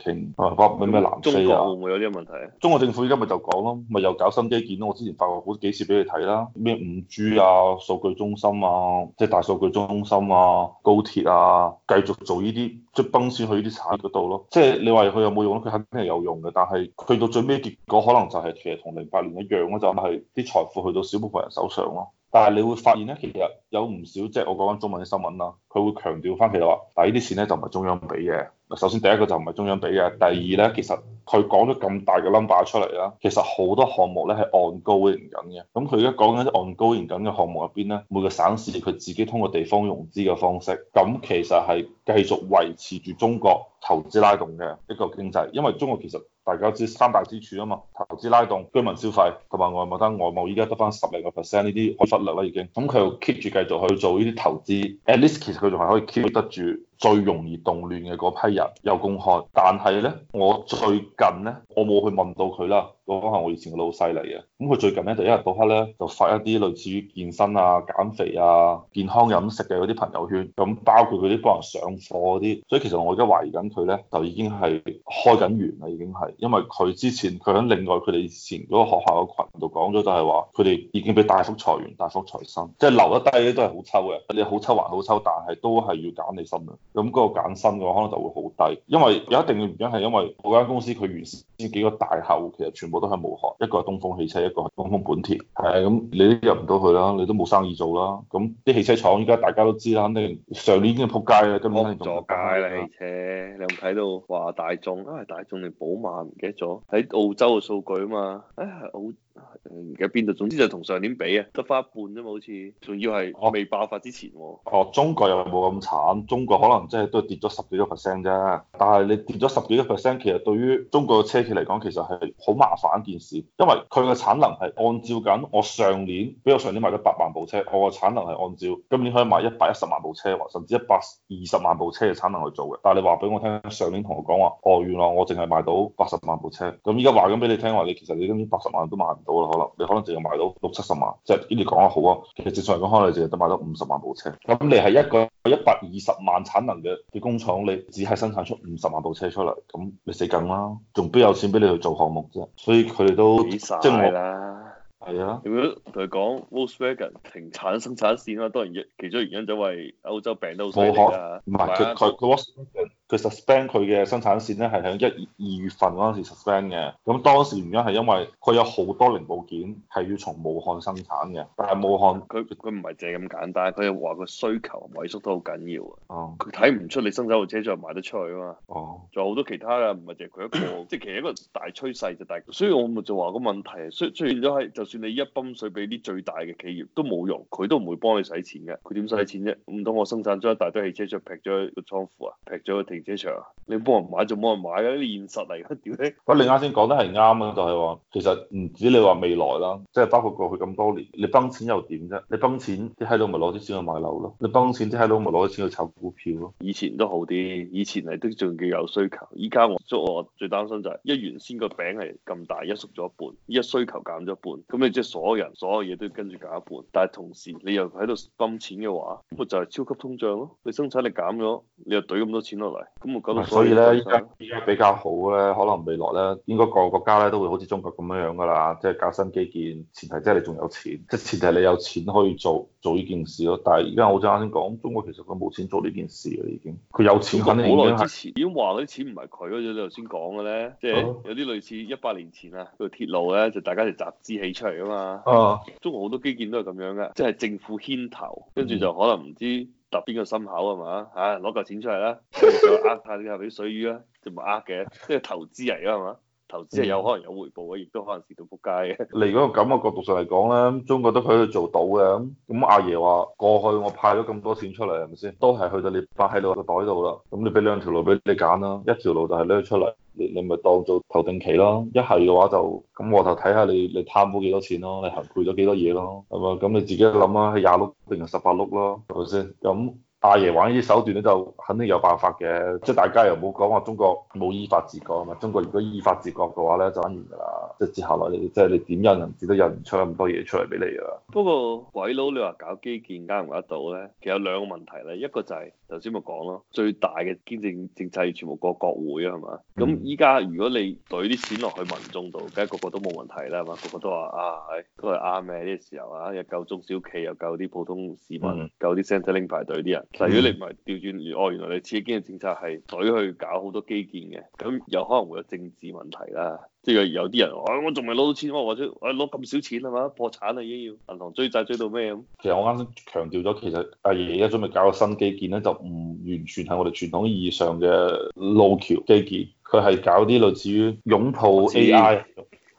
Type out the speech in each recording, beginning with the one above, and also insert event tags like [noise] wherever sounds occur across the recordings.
停，停啊！講唔知咩南非啊？中國會唔會有啲問題啊？中國政府依家咪就講咯，咪又搞新基建咯。我之前發過好幾次俾你睇啦，咩五 G 啊、數據中心啊、即係大數據中心啊、高鐵啊，繼續做呢啲即係奔馳去依啲產業嗰度咯。即係你話佢有冇用咧？佢肯定有用嘅，但係去到最尾結果可能就係其實同零八年一樣咯，就係、是、啲財富去到少部分人手上咯。但係你會發現咧，其實有唔少即係、就是、我講緊中文嘅新聞啦，佢會強調返，其實話，嗱，呢啲錢咧就唔係中央俾嘅。嗱，首先第一個就唔係中央俾嘅，第二咧其實。佢講咗咁大嘅 number 出嚟啦，其實好多項目咧係 ongoing 緊嘅。咁佢而家講緊 ongoing 緊嘅項目入邊咧，每個省市佢自己通過地方融資嘅方式，咁其實係繼續維持住中國投資拉動嘅一個經濟。因為中國其實大家知三大支柱啊嘛，投資拉動、居民消費同埋外貿得，外貿依家得翻十零個 percent 呢啲，可忽略啦已經。咁佢又 keep 住繼續去做呢啲投資，at least 其實佢仲係可以 keep 得住。最容易動亂嘅嗰批人有公開，但係咧，我最近咧，我冇去問到佢啦。嗰個係我以前嘅老細嚟嘅，咁佢最近咧就一日到黑咧就發一啲類似於健身啊、減肥啊、健康飲食嘅嗰啲朋友圈，咁包括佢啲幫人上課嗰啲，所以其實我而家懷疑緊佢咧就已經係開緊源啦，已經係，因為佢之前佢喺另外佢哋以前嗰個學校嘅群度講咗，就係話佢哋已經畀大幅裁員、大幅裁薪，即係留得低都係好抽嘅，你好抽還好抽，但係都係要減你薪啦，咁嗰個減薪嘅話可能就會好低，因為有一定嘅原因係因為嗰間公司佢完。呢幾個大客戶其實全部都係武漢，一個係東風汽車，一個係東風本田，係咁你都入唔到去啦，你都冇生意做啦。咁啲汽車廠依家大家都知啦，肯定上年已經仆街啦，根本係。仆咗街啦，啊，汽車你有睇到話大眾？啊，大眾定寶馬唔記得咗？喺澳洲嘅數據啊嘛，誒、哎，係澳。唔、嗯、記得邊度，總之就同上年比啊，得翻一半啫嘛，好似，仲要係我未爆發之前，哦、啊啊，中國又冇咁慘，中國可能即係都係跌咗十幾個 percent 啫，但係你跌咗十幾個 percent，其實對於中國嘅車企嚟講，其實係好麻煩一件事，因為佢嘅產能係按照緊我上年，比我上年賣咗八萬部車，我嘅產能係按照今年可以賣一百一十萬部車，甚至一百二十萬部車嘅產能去做嘅，但係你話俾我聽，上年同我講話，哦，原來我淨係賣到八十萬部車，咁依家話緊俾你聽話，你其實你今年八十萬都賣唔到啦。你可能淨係賣到六七十萬，即係呢啲講得好啊，其實正常嚟講，可能你淨係得賣得五十萬部車。咁你係一個一百二十萬產能嘅嘅工廠，你只係生產出五十萬部車出嚟，咁你死梗啦，仲邊有錢俾你去做項目啫？所以佢哋都死曬啦。係啊，如果同佢講 Volkswagen 停產生產線啦、啊，當然其中原因就為歐洲病都好。唔係，佢佢 suspend 佢嘅生產線咧，係響一二月份嗰陣時 suspend 嘅。咁當時原因係因為佢有好多零部件係要從武漢生產嘅，但係武漢佢佢唔係淨係咁簡單，佢又話個需求萎縮都好緊要啊。哦，佢睇唔出你生產部車就賣得出去啊嘛。哦，仲有好多其他噶，唔係淨係佢一個， [coughs] 即係其實一個大趨勢就大。所以我咪就話個問題，出出現咗係，就算你一泵水俾啲最大嘅企業都冇用，佢都唔會幫你使錢嘅，佢點使錢啫？唔通我生產咗一大堆汽車出，劈咗個倉庫啊，劈咗個停。長，你幫人買就冇人買啊，呢啲現實嚟嘅。屌你！不，你啱先講得係啱啊，就係話，其實唔止你話未來啦，即係包括過去咁多年，你崩錢又點啫？你崩錢，啲喺度咪攞啲錢去買樓咯；你崩錢，啲喺度咪攞啲錢去炒股票咯。以前都好啲，以前係都仲幾有需求。依家我即係我最擔心就係，一原先個餅係咁大，一縮咗一半，一需求減咗一半，咁你即係所有人所有嘢都要跟住減一半。但係同時你又喺度崩錢嘅話，咁咪就係超級通脹咯。你生產力減咗，你又懟咁多錢落嚟。咁我覺得，所以咧依家比較好咧，可能未來咧，應該個個國家咧都會好似中國咁樣樣噶啦，即係搞新基建，前提即係你仲有錢。即係前提你有錢可以做做呢件事咯。但係而家我啱啱先講，中國其實佢冇錢做呢件事嘅已經。佢、就是、有錢，肯定已經已經話嗰啲錢唔係佢嗰你頭先講嘅咧，即係有啲類似一百年前啊，嗰、那、條、個、鐵路咧就是、大家就集資起出嚟噶嘛。哦。啊、中國好多基建都係咁樣嘅，即、就、係、是、政府牽頭，跟住就可能唔知。揼邊個心口係、啊、嘛？嚇、啊，攞嚿錢出嚟啦，想呃下你係俾水魚啦、啊，就唔呃嘅，因 [laughs] 為投資嚟㗎係嘛？投資即係有可能有回報嘅，亦都可能蝕到撲街嘅。嚟嗰個咁嘅角度上嚟講咧，中國都可以做到嘅。咁阿爺話，過去我派咗咁多錢出嚟，係咪先？都係去到你擺喺度個袋度啦。咁你俾兩條路俾你揀啦，一條路就係搦出嚟，你你咪當做投定期咯。一係嘅話就咁我頭睇下你你貪到幾多錢咯，你行賄咗幾多嘢咯，係咪？咁你自己諗啊，係廿碌定係十八碌咯，係咪先？咁。阿爺玩呢啲手段咧，就肯定有辦法嘅。即係大家又冇講話中國冇依法治國啊嘛。中國如果依法治國嘅話咧，就完㗎啦。即係之後咧，即係你點能知都有唔出咁多嘢出嚟俾你啊。嗯、不過鬼佬你話搞基建啱唔啱得到咧？其實有兩個問題咧，一個就係頭先咪講咯，最大嘅經濟政策全部過國會啊，係嘛？咁依家如果你隊啲錢落去民眾度，梗係個個都冇問題啦，係嘛？個個都話啊，都係啱咩？呢、呢個呢個時候啊，又救中小企，又救啲普通市民，救啲、嗯、Centrelink 排隊啲人。就係、嗯、如果你唔係調轉，哦，原來你刺激經濟政策係懟去搞好多基建嘅，咁有可能會有政治問題啦。即、就、係、是、有啲人、哎，我仲未攞到錢，或者攞咁少錢啊嘛，破產已經要銀行追債追到咩咁。其實我啱先強調咗，其實阿爺而家準備搞個新基建咧，就唔完全係我哋傳統意義上嘅路橋基建，佢係搞啲類似於擁抱 AI，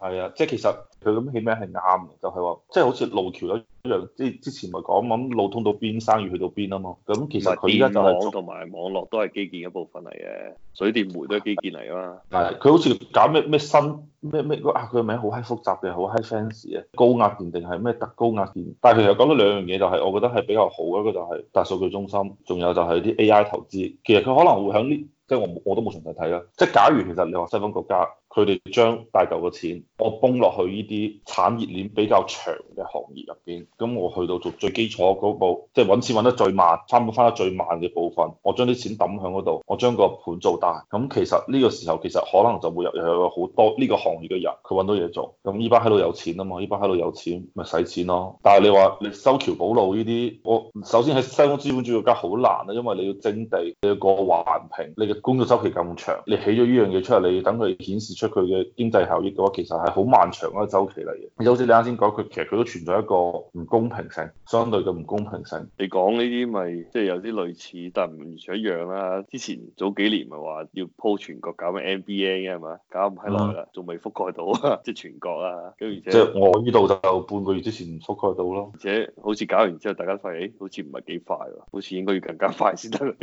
係啊，即係其實。佢咁起名係啱，就係、是、話，即、就、係、是、好似路橋一樣，之之前咪講嘛，路通到邊，生意去到邊啊嘛。咁其實佢而家就係電網同埋網絡都係基建一部分嚟嘅，水電煤都係基建嚟噶嘛。係，佢好似搞咩咩新咩咩，啊佢個名好閪複雜嘅，好閪 fancy 啊，高壓電定係咩特高壓電？但係其實講咗兩樣嘢、就是，就係我覺得係比較好嘅一個就係，大數據中心，仲有就係啲 AI 投資。其實佢可能會喺呢，即係我我都冇詳細睇啦。即係假如其實你話西方國家。佢哋將大嚿嘅錢，我崩落去呢啲產業鏈比較長嘅行業入邊，咁我去到做最基礎嗰部、那個，即係揾錢揾得最慢，差唔多翻得最慢嘅部分，我將啲錢抌響嗰度，我將個盤做大，咁其實呢個時候其實可能就會有有好多呢個行業嘅人，佢揾到嘢做，咁依班喺度有錢啊嘛，依班喺度有錢，咪使錢咯。但係你話你修橋補路呢啲，我首先喺西方資本主義國家好難啊，因為你要徵地，你要過環評，你嘅工作周期咁長，你起咗呢樣嘢出嚟，你要等佢顯示出佢嘅經濟效益嘅話，其實係好漫長一個周期嚟嘅。就好似你啱先講，佢其實佢都存在一個唔公平性，相對嘅唔公平性。你講呢啲咪即係有啲類似，但唔完全一樣啦。之前早幾年咪話要鋪全國搞咩 NBA 嘅係嘛？搞唔開耐啦，仲未、嗯、覆蓋到即、啊、係、就是、全國啦、啊。咁而且即係我呢度就半個月之前唔覆蓋到咯、啊。而且好似搞完之後，大家發現、欸，好似唔係幾快喎、啊，好似應該要更加快先得、啊。 [laughs]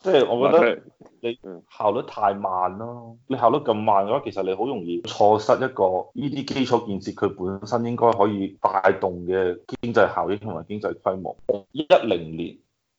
即係我覺得你效率太慢咯，你效率咁慢嘅話，其實你好容易錯失一個呢啲基礎建設，佢本身應該可以帶動嘅經濟效益同埋經濟規模。一零年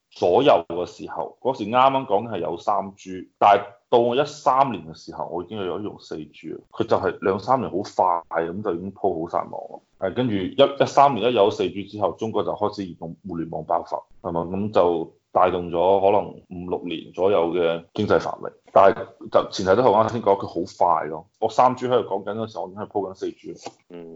左右嘅時候，嗰時啱啱講係有三 G，但係到我一三年嘅時候，我已經有用四 G。佢就係兩三年好快咁就已經鋪好晒網咯。係跟住一一三年一有四 G 之後，中國就開始移動互聯網爆發，係咪咁就帶動咗可能五六年左右嘅經濟繁榮。但係就前提都同啱先講，佢好快咯。我三 G 喺度講緊嗰時候我，我已經係鋪緊四 G。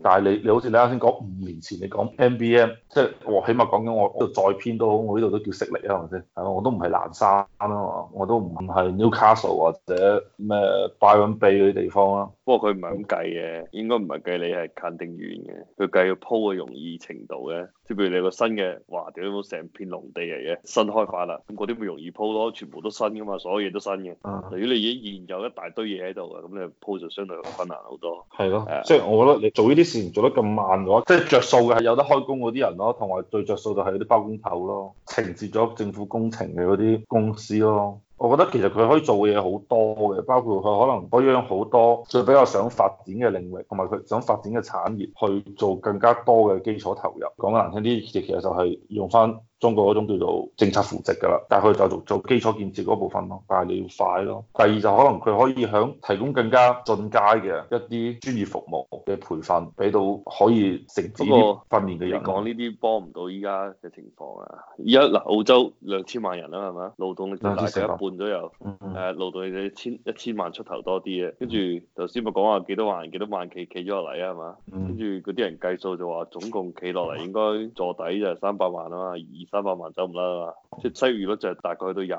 但係你你好似你啱先講五年前，你講 MBM 即係我起碼講緊我度再偏都好，我呢度都叫悉尼啊，係咪先？係啊，我都唔係蘭山啊嘛，我都唔係 Newcastle 或者咩 Byron Bay 嗰啲地方啊。嗯嗯、不過佢唔係咁計嘅，應該唔係計你係近定遠嘅，佢計要鋪嘅容易程度嘅。即譬如你個新嘅，哇屌，成片農地嚟嘅，新開發啦，咁嗰啲咪容易鋪咯，全部都新噶嘛，所有嘢都新嘅。如果你已經現有一大堆嘢喺度嘅，咁你鋪就相對困難好多。係咯的，即係的我覺得你做呢啲事情做得咁慢嘅話，即係著數嘅係有得開工嗰啲人咯，同埋最着數就係啲包工頭咯，承接咗政府工程嘅嗰啲公司咯。我覺得其實佢可以做嘅嘢好多嘅，包括佢可能可以好多佢比較想發展嘅領域同埋佢想發展嘅產業去做更加多嘅基礎投入。講得難聽啲，其實就係用翻。中國嗰種叫做政策扶植㗎啦，但係佢就做做基礎建設嗰部分咯。但係你要快咯。第二就可能佢可以響提供更加進階嘅一啲專業服務嘅培訓，俾到可以成個訓練嘅人。不過你講呢啲幫唔到依家嘅情況啊。依家嗱澳洲兩千萬人啦，係嘛？勞動力就大成一半左右，嗯。誒、嗯、勞動力就千一千萬出頭多啲啊。跟住頭先咪講話幾多萬人幾多萬企企咗落嚟啊，係嘛、嗯？跟住嗰啲人計數就話總共企落嚟應該坐底就係三百萬啊嘛，三百萬走唔甩啊！即係收益率就大概去到廿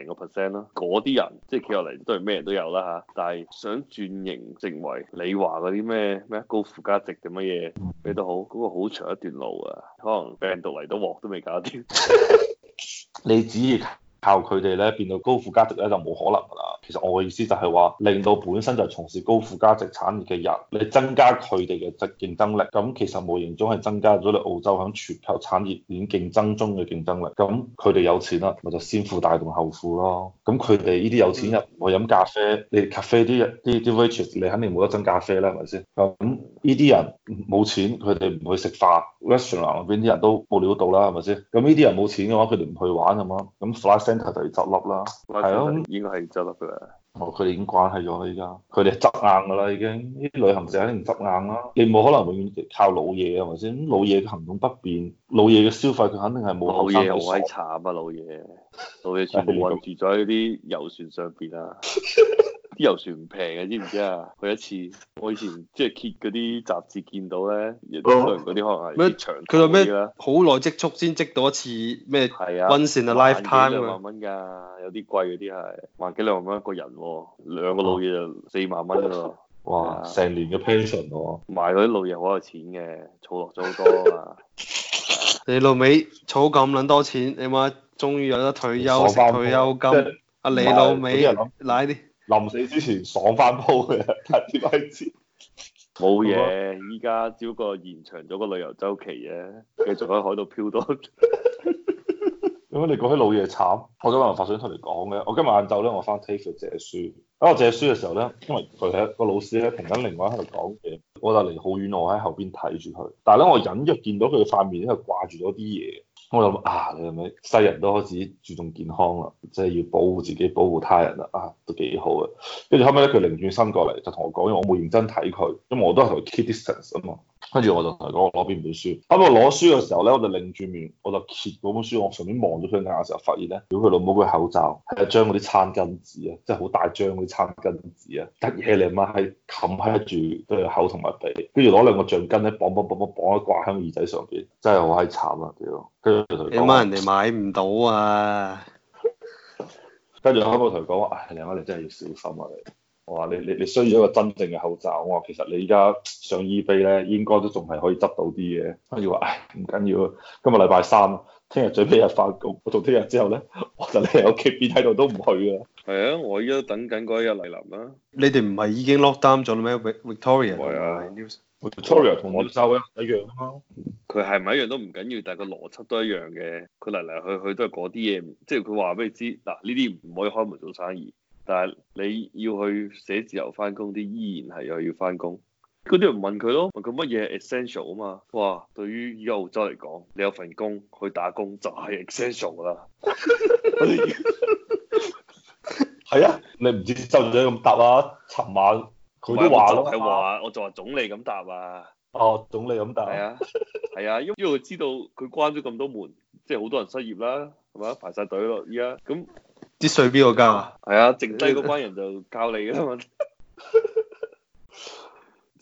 零個 percent 咯。嗰啲人即係企落嚟都係咩人都有啦嚇，但係想轉型成為你話嗰啲咩咩高附加值嘅乜嘢，咩都好，嗰、嗰個好長一段路啊！可能病到嚟到鑊都未搞掂， [laughs] [laughs] 你只要靠佢哋咧變到高附加值咧就冇可能噶啦。其實我嘅意思就係話，令到本身就係從事高附加值產業嘅人，你增加佢哋嘅質競爭力，咁其實無形中係增加咗你澳洲響全球產業鏈競爭中嘅競爭力。咁佢哋有錢啦，咪就先富帶動後富咯。咁佢哋呢啲有錢人去飲咖啡，你咖啡啲人啲啲 waitress，你肯定冇得增加咖啡啦，係咪先？咁呢啲人冇錢，佢哋唔去食飯。restaurant 嗰邊啲人都冇料到啦，係咪先？咁呢啲人冇錢嘅話，佢哋唔去玩咁咯。咁 fly centre 就要執笠啦。係咯 Fly Center、啊，應該係執笠嘅。哦，佢哋已經關係咗啦，依家。佢哋係執硬嘅啦，已經。啲旅行社肯定唔執硬啦。你冇可能永遠靠老嘢，係咪先？老嘢嘅行動不便，老嘢嘅消費佢肯定係冇老嘢好閪慘啊！老嘢。老嘢全部韞住呢啲遊船上邊啊！ [laughs] 啲遊船唔平嘅，知唔知啊？去一次，我以前即係揭嗰啲雜誌見到咧，人都嗰啲可能係咩長佢話咩？好耐積蓄先積到一次咩？係啊，once in a，lifetime 啊，兩萬蚊噶，有啲貴嗰啲係萬幾兩萬蚊一個人喎、啊，兩個老嘢就四萬蚊咯。 [laughs] 哇！成年嘅 pension 喎、啊。買嗰啲老嘢都有錢嘅，儲落咗好多嘛 [laughs] [laughs] 啊！你老尾儲咁撚多錢，你媽終於有得退休食退休金。阿、啊、你老尾，奶啲美。臨死之前爽翻鋪嘅，睇點鬼知？冇嘢事，依家 [laughs] 只不過延長咗個旅遊周期嘅，繼續喺海度漂多。點解你講起老嘢慘？我今日發想同你講嘅，我今日晏晝咧，我翻 TAFE 借書，喺我借書嘅時候咧，因為佢係一個老師咧，停緊另外喺度講嘢，我就離好遠，我喺後邊睇住佢，但係咧，我隱約見到佢嘅塊面咧，掛住咗啲嘢。我諗啊，你係咪世人都開始注重健康啦？即係要保護自己、保護他人啦，啊都幾好啊！跟住後尾，咧，佢轉身過嚟就同我講，我冇認真睇佢，因為我都係同佢 keep distance 啊嘛。跟住我就同佢講，我攞邊本書。咁我攞書嘅時候咧，我就擰住面，我就揭嗰本書，我順便望咗佢一眼嘅時候，發現咧，如果佢老母個口罩係一張嗰啲餐巾紙啊，真係好大張嗰啲餐巾紙啊，得嘢嚟嘛，係冚喺住佢嘅口同埋鼻，跟住攞兩個橡筋咧，綁綁綁綁綁，掛喺耳仔上邊，真係好閪慘啊！屌，跟住佢講，你問人哋買唔到啊？跟住我開波同佢講話，唉，你問你真係要小心啊你。我話你你你需要一個真正嘅口罩，我話其實你而家上 EBay 咧，應該都仲係可以執到啲嘅。跟住話，唉，唔緊要，啊，今日禮拜三，聽日最尾日發工，我到聽日之後咧，我就喺屋企，邊度都唔去啊。係啊，我依家等緊嗰一日嚟臨啦。啊、你哋唔係已經 lock down 咗咩，Victoria？係啊，Victoria 同我啲口罩一樣啊嘛。佢係咪一樣都唔緊要，但係個邏輯都一樣嘅。佢嚟嚟去去都係嗰啲嘢，即係佢話俾你知，嗱呢啲唔可以開門做生意。但係你要去寫字樓翻工啲，依然係又要翻工。嗰啲人問佢咯，問佢乜嘢 essential 啊嘛？哇，對於澳洲嚟講，你有份工去打工就係、是、essential 㗎啦。係啊，你唔知周俊一咁答啊？尋晚佢都話咯，係話、啊、我就話總理咁答啊。哦，總理咁答係啊，係啊，因為佢知道佢關咗咁多門，即係好多人失業啦，係咪？排晒隊咯，依家咁。啲稅邊個交啊？係啊、哎，剩低嗰班人就教你噶啦嘛。 [laughs]